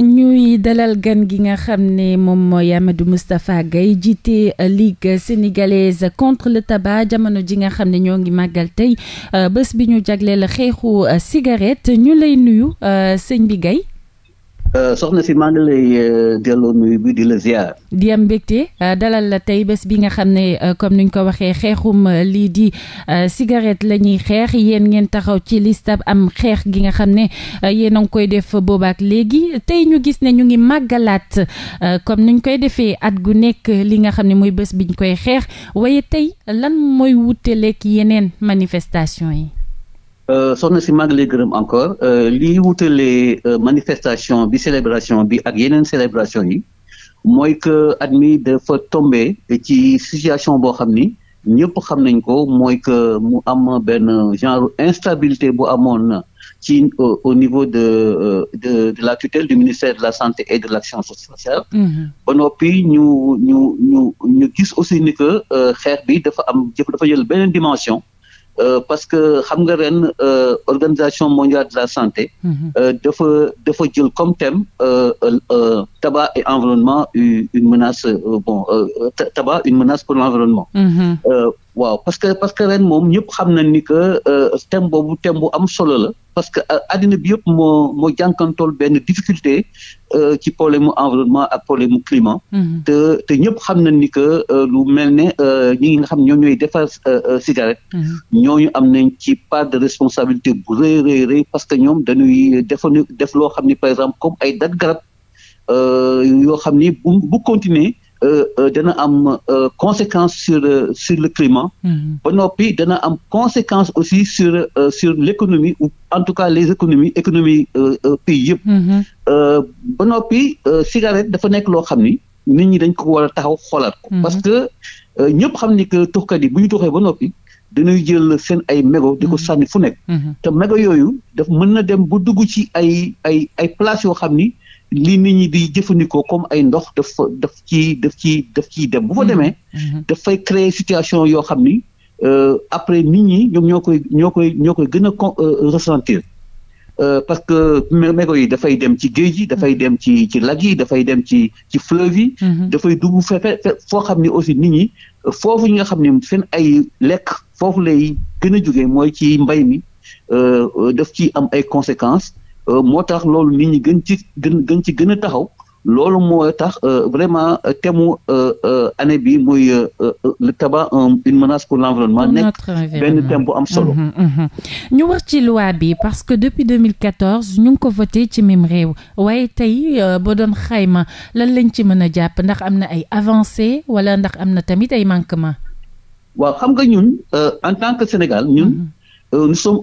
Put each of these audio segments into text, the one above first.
ñuy dalal gan gi nga xam ne moom mooy Amadou Moustapha Guèye jiite euh, Ligue sénégalaise contre le tabac jamono ji nga xam ne ñoo ngi màggal tey euh, bés bi ñu la xeexu euh, cigarette ñu lay nuyu sëñ bi Guèye Euh, soxna si maa ngi lay euh, delloo di la ziar. di mbégte euh, dalal la tey bés bi nga xam ne comme ni ñu ko waxee xeexum lii di cigarette la ñuy xeex yéen ngeen taxaw ci liste am xeex gi nga xam ne yéen a ngi koy def boobaak léegi tey ñu gis ne ñu ngi màggalaat comme ni ñu koy defee at gu nekk li nga xam ne mooy bés biñ koy xeex waye tey lan mooy lekk yeneen manifestation yi. Euh, soxna si maa ngi lay gërëm encore euh, li wutalee euh, manifestation bi célébration bi ak yeneen célébration yi mooy que at mi dafa tombé ci situation boo xam ni ñëpp xam nañ ko mooy que mu am benn genre instabilité boo amoon ci au niveau de de la tutelle du ministère de la santé et de l'action sociale. Mm-hmm. ba noppi ñu ñu ñu gis aussi ni que xeex bi dafa am dafa jël beneen dimension. Euh, parce que xam nga ren euh, organisation mondiale de la santé. Mm-hmm. Euh, dafa dafa comme thème tabac et environnement une menace bon tabac une menace pour l'environnement. Mm-hmm. waaw parce que parce que ren moom ñëpp xam nañ ni que euh, thème boobu thème bu am solo la parce que euh, addina bi yëpp moo moo jànkantool benn difficulté euh, ci problème mu environnement ak problème mu climat. Mm-hmm. te te ñëpp xam nañ ni que lu mel ne ñi nga xam ñoom ñooy defar cigarette. Mm-hmm. ñooñu am nañ ci part de responsabilité bu rëy rëy parce que ñoom dañuy defoon def loo xam ni par exemple comme ay dat garab yoo xam ni bu bu continuer Euh, euh, dana am euh, conséquence sur sur le climat. Mm-hmm. ba noppi dana am conséquence aussi sur sur l' économie en tout cas les économies économie pays yëpp. Mm-hmm. ba noppi cigarette dafa nekk loo xam ni nit ñi dañ ko war a taxaw xoolaat ko. Mm-hmm. parce que ñëpp xam ni que tuxkat yi bu ñu tuxee ba noppi. dañuy jël seen ay mégo di ko sànni fu nekk. te mégo yooyu daf mën na dem bu dugg ci ay ay ay places yoo xam ni. li nit ñi di jëfandikoo comme ay ndox daf daf ci daf ci daf ciy dem bu fa mm-hmm. demee mm-hmm. dafay créer situation yoo xam ni euh, après nit ñi ñoom ñoo koy ñoo koy ñoo koy gën a euh, ressentir euh, parce que mégots yi dafay dem ci géej gi dafay dem ci ci lac yi dafay dem ci ci fleuve yi mm-hmm. dafay dugg fefe foo xam ni aussi nit ñi foofu ñi nga xam ne seen ay lekk foofu lay gën a jógee mooy ci mbay mi daf ci am ay conséquence Euh, moo tax loolu nit ñi gën ci gën gën ci gën a taxaw loolu moo tax euh, vraiment euh, thème mu année bi mooy le tabac une menace pour l'environnement nekk benn thème bu am solo mm-hmm, mm-hmm. ñu wax ci loi bi parce que depuis 2014 ñu ngi ko voté ci même réew waaye tey boo doon xayma lan lañ ci mën a jàpp ndax am na ay avancées wala ndax am na tamit ay manquements waaw xam nga ñun en tant que Sénégal ñun mm-hmm. nous sommes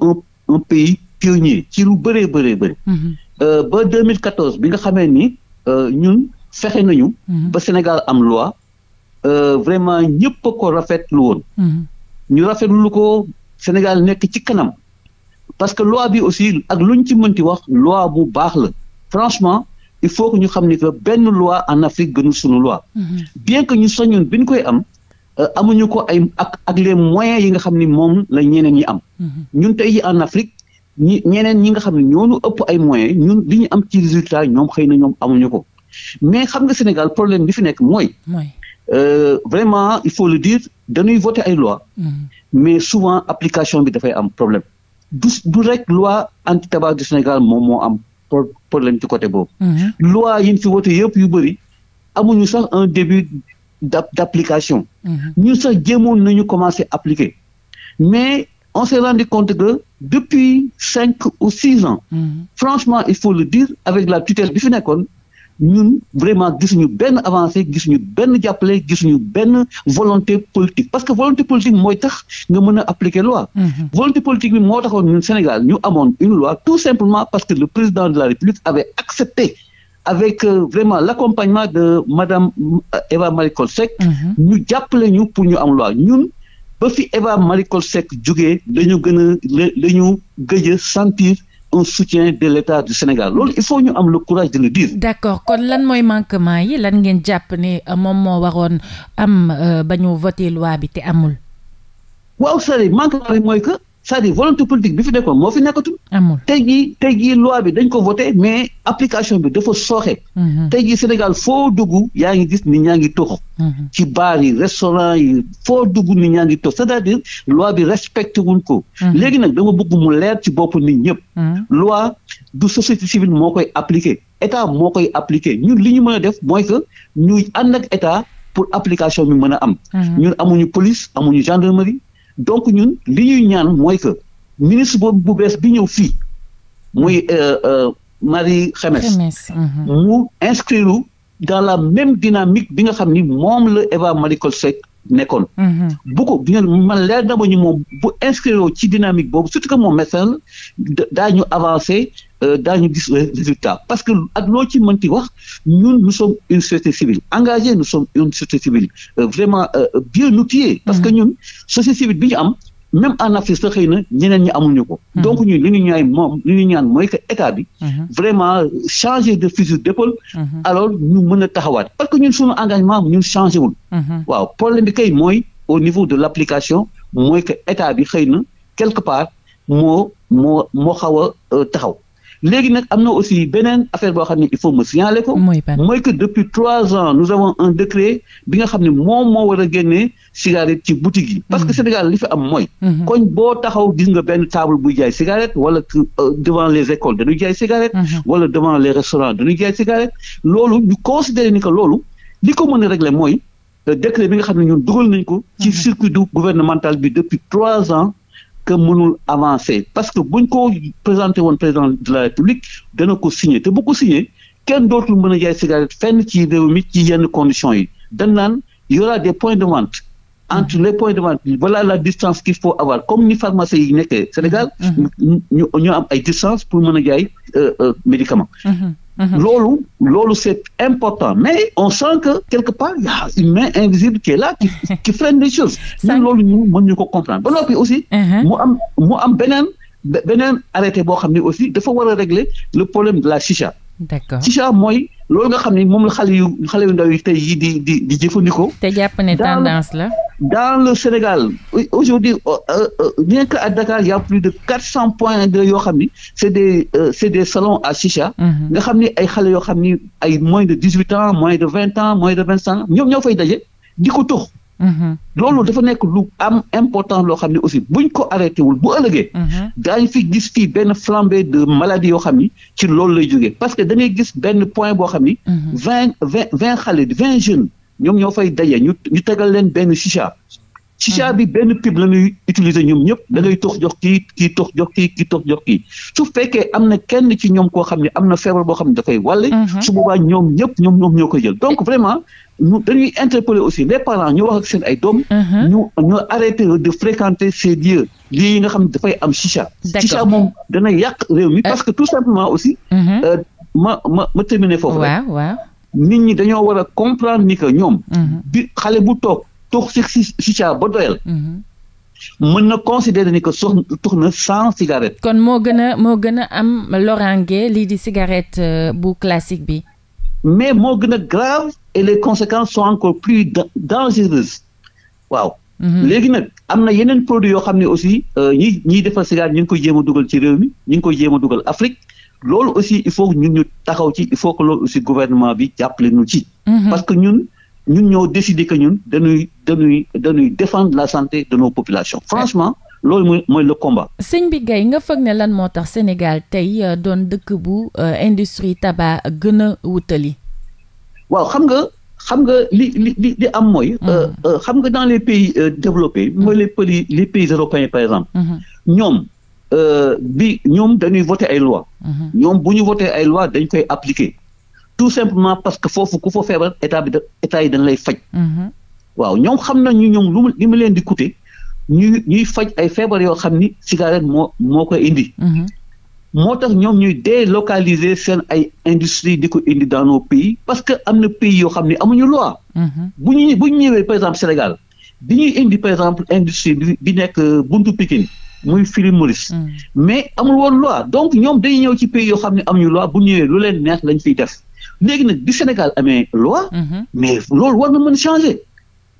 un pays pionnier ci lu bëree bëree bëri. Mhm. Euh, ba 2014 bi nga xamee ni euh, ñun fexe nañu. Mhm. ba Sénégal am loi euh, vraiment ñëpp a ko rafetlu woon. Mhm. ñu rafetlu ko Sénégal nekk ci kanam. parce que loi bi aussi ak lu ñu ci mënti wax loi bu baax la franchement il faut que ñu xam ni benn loi en Afrique gënu suñu loi. bien que ñu soññoon bi ñu koy am. amuñu ko ay ak ak les moyens yi nga xam ni moom la ñeneen ñi am. ñun tey en Afrique. ñi ñeneen ñi nga xam ne ñoonu ëpp ay moyens ñun li ñu am ci résultat ñoom xëy na ñoom amuñu ko mais xam nga Sénégal problème bi fi nekk mooy euh, vraiment il faut le dire dañuy voter ay loi mm. mais souvent application bi dafay am problème du du rek loi anti tabac du Sénégal moom moo am problème ci côté boobu mm. loi yi ñu fi vote yëpp yu bëri amuñu sax un début d' application mm. ñun sax jéemoon nañu commencé appliquer mais on s'est rendu compte que depuis cinq ou six ans. Mmh. franchement il faut le dire avec la tutelle bi fi nekkoon ñun vraiment gisuñu benn avancée gisuñu benn jàppale gisuñu benn volonté politique parce que volonté politique mooy tax nga mën a appliquer loi. Mmh. volonté politique bi moo taxoon ñun Sénégal ñu amoon une loi tout simplement parce que le président de la République avait accepté. avec euh, vraiment l'accompagnement de madame Awa euh, Marie Coll Seck. Mm-hmm. ñu jàppale ñu pour ñu am loi ñun ba fi Eva Marie Coll Seck jógee dañu gën a dañu gëj a sentir un soutien de l'État du Sénégal loolu il faut ñu am le courage de le d'accord kon lan mooy manquement yi lan ngeen jàpp ne euh, moom moo waroon am euh, ba ñu voté loi bi te amul. waaw sari manquement yi mooy que c'est-à-dire volonté politique bi fi nekkoon moo fi nekkatul. amul tey jii tey jii loi bi dañ ko voté mais application bi dafa sooxe. Mm-hmm. tey gi Sénégal foo duggu yaa ngi gis nit ñaa ngi tox mm-hmm. ci bar yi restaurant yi foo dugg nit ñaa ngi tox c'est-à-dire loi bi respecté wuñ ko. Mm-hmm. léegi nag dama bëgg mu leer ci bopp nit ñëpp. loi du société civile moo koy appliqué état moo koy appliqué ñun li ñu mën a def mooy que ñu ànd état pour application bi mën a am. ñun amuñu police amuñu gendarmerie. donc ñun li ñuy ñaan mooy que ministre boobu bu bees bi ñëw fii muy euh, euh, Marie Xemes mhm. mu inscrire dans la même dynamique bi nga xam ni moom la Eva Marie Coll Seck nekkoon mhm. bu ko bi nga man leer na moom bu inscrire ci dynamique boobu surtout que moom médecin la daañu avancer Euh, daañu gis résultat parce que ak loo ci mënti wax ñun nous sommes une société civile engagée nous sommes une société civile euh, vraiment euh, bien outillée parce que mm-hmm. ñun société civile bi ñu am même en Afrique sax xëy na ñeneen ñi amuñu ko. Mm-hmm. donc ñun li ñu ñaay moom li ñu ñaan mooy que état bi. Mm-hmm. vraiment changer de fusil d'épaule. alors ñu mën a taxawaat parce que ñun suñu engagement ñun changé wul. waaw problème bi kay mooy au niveau de l'application mooy que état bi xëy na quelque part moo moo moo xaw a taxaw. léegi nag am na aussi beneen affaire boo xam ne il faut ma signaler ko mooy que depuis trois ans nous avons un décret bi nga xam ne moom moo war a génnee cigarette ci boutique yi parce que mhm. Sénégal li fi am mooy mhm. koñ boo taxaw gis nga benn table buy jaay cigarette wala euh, devant les écoles dañuy jaay cigarette mhm. wala devant les restaurants dañuy jaay cigarette loolu ñu considéré ni que loolu li ko mën a régler mooy euh, décret bi nga xam ne ñoom dugal nañ ko ci du gouvernemental bi depuis trois ans que mënul avancé parce que buñ ko présenté woon président de la république dana ko signé te bu ko signé kenn dootul mën a jaay cigarette fenn ci réew mi ci yenn conditions yi dañ naan y des points de vente entre les points de vente voilà la distance qu'il faut avoir comme ni pharmacie yi nekkee Sénégal mm-hmm. ñu ñu am ay distance pour mën a jaay euh, euh, médicament mm-hmm. Mhm. loolu loolu c'est important mais on sent que quelque part il y a une main invisible qui est là qui freine les choses. ñun loolu ñu mën ñu ko comprendre ba noppi aussi. Mhm. mu am mu am beneen beneen arrêté boo xam ne aussi dafa war a régler le problème de la chicha. d'accord chicha mooy. loolu nga xam ni moom la xale yu xale yu ndaw yi tey yi di di di jëfandikoo. te jàpp ne tendance la. dans le Sénégal aujourd'hui rien oh, euh, euh, que à Dakar y a plus de quatre cent points de yoo xam ni c'est des euh, c'est des salons à chicha. Mhm. nga xam ni ay xale yoo xam ni ay moins de dix huit ans moins de vingt ans moins de vingt cinq ans ñoom ñoo fay daje di ko tux Mm-hmm. loolu dafa nekk lu am important loo xam ne aussi buñ ko arrêté wul bu ëllëgee. Mm-hmm. daañu fi gis fii benn flambée de maladie yoo xam ni ci loolu lay jógee parce que da gis benn point boo xam ni. Mm-hmm. vingt vingt vingt xale vingt jeunes ñoom ñoo fay dajee ñu ñu tegal leen benn chicha chicha bi benn pipe la ñuy utiliser ñoom ñëpp da ngay tox jox kii kii tox jox kii kii tox jox kii su fekkee am na kenn ci ñoom koo xam ne am na feebar boo xam ne dafay wàlle mhm. su boobaa ñoom ñëpp ñoom ñoom ñoo koy jël donc vraiment ñu dañuy interpeller aussi les parents ñu wax ak seen ay doom mhm. ñu ñu arrêter de fréquenter ces lieux lii yi nga xam ne dafay am chicha chicha moom dana yàq réew mi euh. parce que tout simplement aussi mhm. euh, ma ma ma terminer foofu rek waaw nit ñi dañoo war a comprendre ni que ñoom xale bu toog toxique si si caa ba doyal. Mm-hmm. mën na considérer ni que sox tux na sans cigarette. kon moo gën a moo gën a am lorange lii di cigarette euh, bu classique bi. mais moo gën a grave et les conséquences sont encore plus dangereuses waaw. Mm-hmm. léegi nag am na yeneen produits yoo xam ne aussi euh, ñi ñiy defar cigarette ñu ngi koy jéem a dugal ci réew mi ñu ngi koy jéem a dugal Afrique loolu aussi il faut ñun ñu taxaw ci il faut que loolu aussi gouvernement bi jàppale ñu ci. Mm-hmm. parce que ñun ñoo décider que ñun dañuy dañuy dañuy défendre la santé de nos populations franchement loolu mooy mooy le combat. sëñ bi Gaye nga foog ne lan moo tax Sénégal tey euh, doon dëkk bu euh, industrie tabac gën a wutali. waaw xam nga xam nga li li li am mooy. Mm. Euh, xam nga dans les pays développés. Mm. mooy les pays les pays européens par exemple. Mm-hmm. ñoom bi ñoom dañuy voter ay lois. Mm-hmm. ñoom bu ñu voter ay lois dañ koy appliquer. tout simplement parce que foofu ku fa feebar état bi da état yi dañ lay faj. Mm-hmm. waaw ñoom xam nañu ñoom lu mu leen di coûter ñuy ñuy faj ay feebar yoo xam ni cigarette moo moo koy indi. Mm-hmm. moo tax ñoom ñuy délocaliser seen ay industrie di ko indi dans nos pays parce que am na pays yoo xam ne amuñu loi. Mm-hmm. bu ñu bu ñu ñëwee par exemple Sénégal bi ñuy indi par exemple industrie bi nekk buntu Pikine muy Philip Morris. Mm. mais amul woon loi donc ñoom day ñëw ci pays yoo xam ne amuñu loi bu ñëwee lu leen neex lañ fiy def. léegi nag bi Sénégal amee loi. Mhm. mais loolu war na mën changer.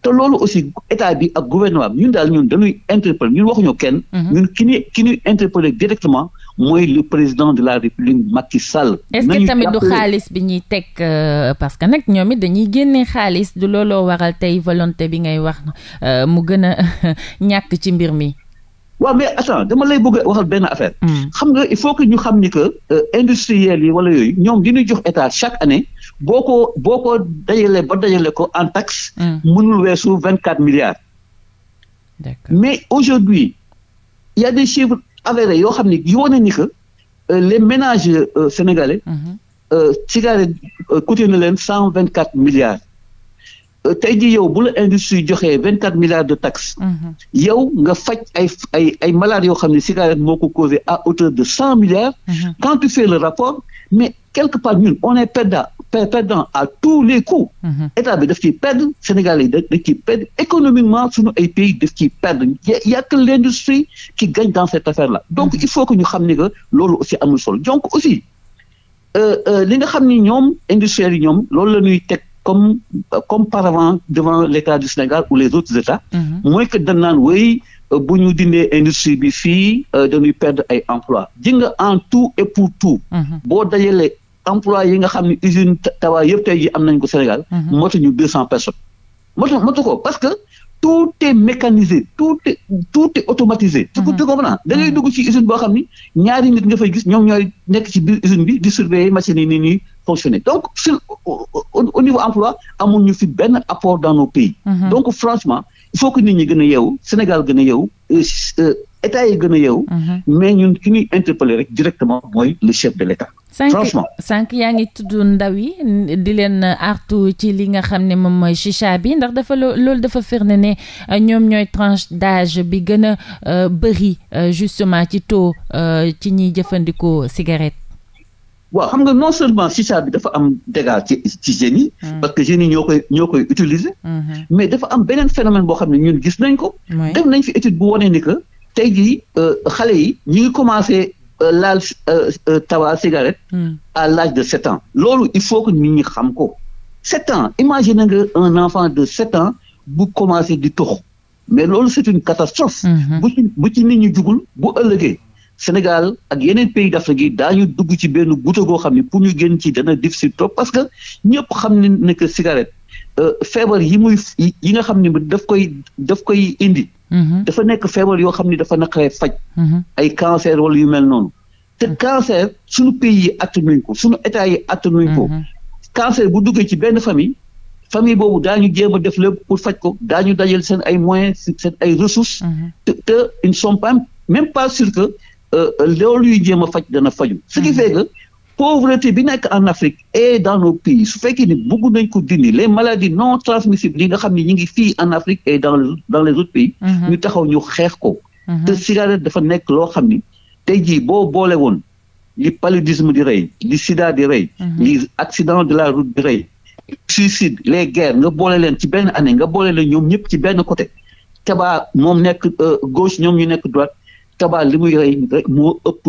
te loolu aussi état bi ak gouvernement bi ñun daal ñun dañuy interpeller ñun waxuñu kenn. Mhm. ñun ki ñuy ki ñuy interpeller directement mooy le président de la république Macky Sall. est-ce que tamit du xaalis bi ñuy teg euh, parce que nag ñoom it dañuy génne xaalis du looloo waral tey volonté bi ngay wax euh, mu gën a ñàkk ci mbir mi. waaw mais attends dama lay bëgg a waxal benn affaire. Hmm. xam nga il faut que ñu xam ni que euh, industriels yi wala yooyu ñoom di ñu jox état chaque année boo ko boo ko dajalee ba dajale ko en taxe. Hmm. mënul weesu vingt quatre milliards. d'accord. mais aujourd'hui il y a des chiffres avérés yoo xam ni yoo na ni que euh, les ménages euh, sénégalais. Hmm. cigarette coûté leen cent vingt quatre milliards. tey jii yow bu la industrie joxe vingt quatre milliards de taxes. Mhm. yow nga faj ay ay ay malades yoo xam ne cigarette moo ko causé à hauteur de cent milliards. Mhm. quand tu fais le rapport mais quelque part ñun on est perdant à tous les coups. Mhm. état bi def ci perdre Sénégal yi daf ciy perdre économiquement suñu ay pays daf ci perdre y a que l'industrie qui gagne dans cette affaire là. donc il faut que ñu xam ne que loolu aussi amul solo donc aussi euh, euh, li nga xam ni ñoom industriels yi ñoom loolu la ñuy teg. comme comme par avant devant l'état du Sénégal ou les autres états mhm. mooy que dañ naan wéy euh, bu ñu dindee industrie bi fii euh, dañuy perdre ay emploi ji nga en tout et pour tout mhm. boo dajalee emploi yi nga xam ne usine tabac yëpp tey ji am nañ ko Sénégal mhm. motuñu deux cent personnes motu motu ko parce que tout est mécanisé tout est tout est automatisé. tu comprends ah. da ngay dugg ci usine boo xam ni ñaari nit nga fay gis ñoom ñooy nekk ci biir usine bi di yi fonctionner donc sur au, au, au niveau emploi amuñu fi benn apport dans nos pays. Mmh. donc franchement il faut que nit ñi gën a yeewu Sénégal gën a yeewu euh, euh, état yi gën a yeewu. Mhm. mais ñun ki ñuy rek directement mooy le chef de l'état franchement sànq yaa ngi tudd ndaw yi di leen artu ci li nga xam ne moom mooy chicha bi ndax dafa loolu dafa firnde ne euh, ñoom ñooy tranche d'âge bi gën a bëri justement ci taux ci ñiy jëfandikoo cigarette. waaw xam nga non seulement chicha bi dafa am dégâts ci ci jeunes yi. Hmm. parce que jeunes yi ñoo koy ñoo koy utiliser. Hmm. mais dafa am beneen phénomène boo xam ne ñun gis nañ ko. def nañ fi étude bu wane ni que tey jii euh, xale yi ñu ngi commencé euh, laal euh, tabac cigarette. Hmm. à l'âge de sept ans. loolu il faut que nit ñi xam ko. sept ans imagine nga un enfant de sept ans bu commencé di tox mais loolu c'est une catastrophe. bu ci bu ci nit ñi jugul bu ëllëgee. Sénégal ak yeneen pays d'Afrique yi daañu dugg ci benn guuta goo xam ne pour ñu génn ci dana difficile trop parce que ñëpp xam ne ne que cigarette euh, feebar yi muy yi nga xam ne daf koy daf koy indi. Mm-hmm. dafa nekk feebar yoo xam ne dafa naqaree faj. Mm-hmm. ay cancer wala yu mel noonu. te mm-hmm. cancer sunu pays yi attanuñ ko suñu état yi attanuñ ko. cancer bu duggee ci benn famille. famille boobu daa ñu a def lépp pour faj ko daa ñu dajal seen ay moyen seen ay ressources. te te ils même pas sûrs que. Euh, euh, loolu yu jéem a faj dana faju ce qui mm-hmm. fait que pauvreté bi nekk en Afrique et dans nos pays su fekkee ni bëgg nañ ko dindi les maladies non transmissibles li nga xam ni ñu ngi fi en Afrique et dans les dans les autres pays. Mm-hmm. ñu taxaw ñu xeex ko. Mm-hmm. te cigarette dafa nekk loo xam ni tey jii boo boole woon li paludisme di rey li sida di rey. li accident de la route di rey. suicide les guerres nga boole leen ci benn année nga boole leen ñoom ñëpp ci benn côté tabac moom nekk euh, gauche ñoom ñu nekk tabac li muy rey rek moo ëpp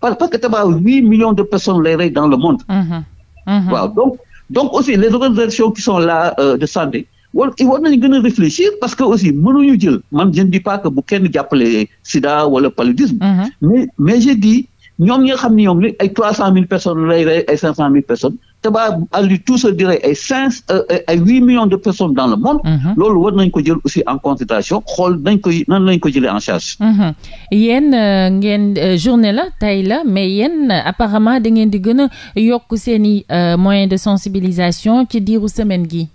parce que tabac huit millions de personnes lay rey dans le monde mm-hmm. Mm-hmm. waaw donc donc aussi les organisations qui sont là euh, de santé war war nañu gën a réfléchir parce que aussi mënuñu jël man je ne dis pas que bu kenn jàppale sida wala paludisme mm-hmm. mais mais j'ai dit ñoom ñi nga xam ne ñoom ay trois cent mille personnes lay rey ay cinq cent mille personnes tabac à lui tout seul dirait ay cinq ay euh, huit millions de personnes dans le monde. Mhm. loolu war nañ ko jël aussi en considération xool nañ ko nan lañ ko jëlee en charge. Mhm. yéen euh, ngeen euh, journée la tey la mais yéen apparemment da ngeen di gën a yokk seen i moyens de sensibilisation ci diiru semaine gi.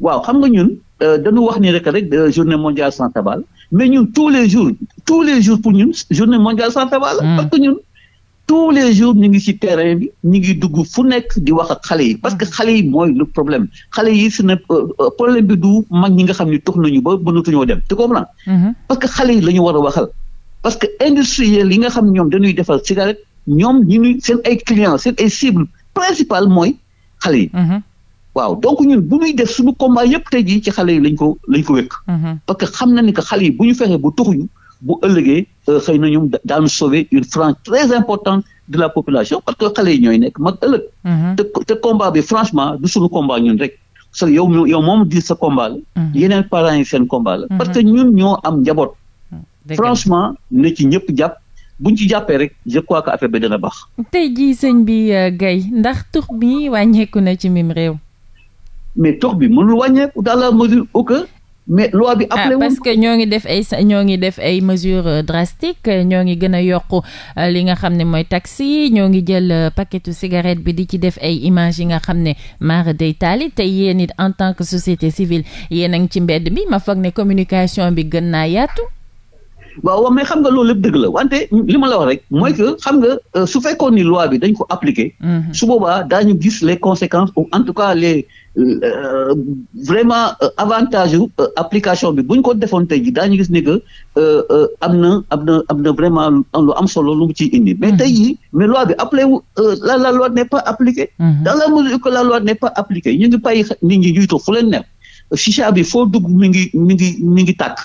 waaw xam nga ñun danu wax ni rek rek journée mondiale sans tabac mais ñun tous les jours tous les jours pour ñun journée mondiale sans tabac mhm. que ñun. tous les jours ñu ngi ci terrain bi ñu ngi dugg fu nekk di wax xale yi parce que mm-hmm. xale yi mooy le problème xale yi si na euh, euh, problème bi du mag ñi nga xam ni tox nañu ba mënatuñoo dem tu comprends mm-hmm. parce que xale yi la ñu a waxal parce que industriel yi nga xam ñoom dañuy defal cigarette ñoom ñu ngi seen ay clients seen ay cible principal mooy xale yi mm-hmm. waaw donc ñun bu ñuy def suñu combat yëpp tey jii ci xale yi lañ ko lañ ko wékk parce que xam na bu ëllëgee euh, xëy na ñoom daanu sauver une frange très importante de la population parce que xale yi ñooy nekk mag ëllëg. Mhm. te te combat bi franchement du suñu combat ñun rek. parce que yow moom di sa combat la. Mhm. yeneen parents yi seen combat la. parce que mhm. ñun ñoo am njaboot. franchement na ci ñëpp jàpp. buñ ci jàppee rek je crois que affaire bi dana baax. te ji sëñ bi euh, Gaye ndax tux bi wàññeeku na ci mim réew. mais tux bi mënul wàññeeku dans mesure où mais bi ah, appelé parce que ñoo ngi def ay sa ñoo ngi def ay mesures euh, drastique euh, ñoo ngi gën a yokk euh, li nga xam ne mooy taxi yi ñoo ngi jël paquetu cigarette bi di ci def ay images yi nga xam ne mara day taali te yéen it en tant que société civile yéen a ngi ci mbedd bi ma foog ne communication bi gën naa yaatu waaw mais xam nga loolu lépp dëgg la wante li ma la wax rek mooy que xam nga euh, su fekkoon ni loi bi dañ ko appliquer. Mhm. su boobaa daañu gis les conséquence ou en tout cas les euh, vraiment euh, avantage euh, application bi bu ñu ko defoon tey jii daañu gis ne que am na am na am na vraiment lu am solo lu mu ciy indi. mais tey mhm. jii mais loi bi appelé wu la la loi n'est pas appliquée. Mhm. dans la mesure que la loi n'est pas appliquée ñu ngi bàyyi nit ñi ñuy toog leen neex chicha bi foo dugg mi ngi mi ngi mi ngi tàkk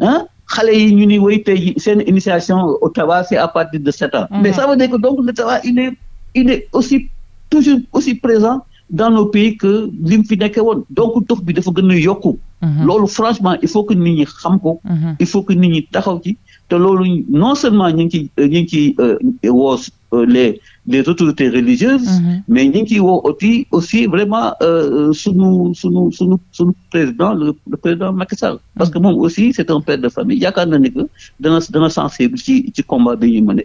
ah. xale yi ñu ni wéy tey ji seen initiation au tabac c'est à partir de sept ans. Mm-hmm. mais ça veut dire que donc le tabac il est aussi toujours aussi présent dans nos pays que li mu fi nekkee woon donc tux bi dafa gën a yokku. Mm-hmm. loolu franchement il faut que nit ñi xam ko. Mm-hmm. il faut que nit ñi taxaw ci. te loolu non seulement ñu ngi ciy ñu ngi ciy euh, woo euh, les les autorités religieuses. Mm-hmm. mais ñu ngi ciy woo aussi aussi vraiment euh, sunu sunu sunu sunu président le président Macky Sall. parce que moom aussi c'est un père de famille yaakaar na ni que dana dana sensible ci combat bi ñuy mené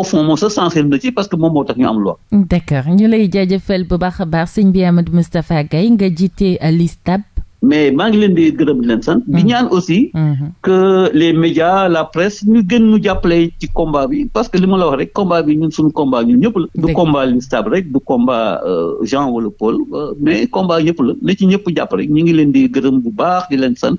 au fond moom sax sensible na ci parce que moom moo tax ñu am loi. d'accord ñu lay jaajëfal bu baax a baax sëñ bi Amadou Moustapha Gaye nga jiite LISTAB. mais maa ngi leen di gërëm leen sant. di mm-hmm. ñaan aussi. Mm-hmm. que les médias la presse ñu gën ñu jàppale ci combat bi parce que li ma la wax rek combat bi ñun suñu combat ñun ñëpp la. du combat listab rek du combat euh, Jean wala Paul euh, mais combat ñëpp la na ci ñëpp jàpp rek ñu ngi leen di gërëm bu baax di leen sant.